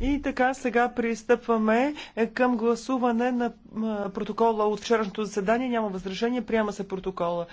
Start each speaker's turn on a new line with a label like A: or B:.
A: И така сега пристъпваме е, към гласуване на протокола от вчерашното заседание. Няма възражение, приема се протокола.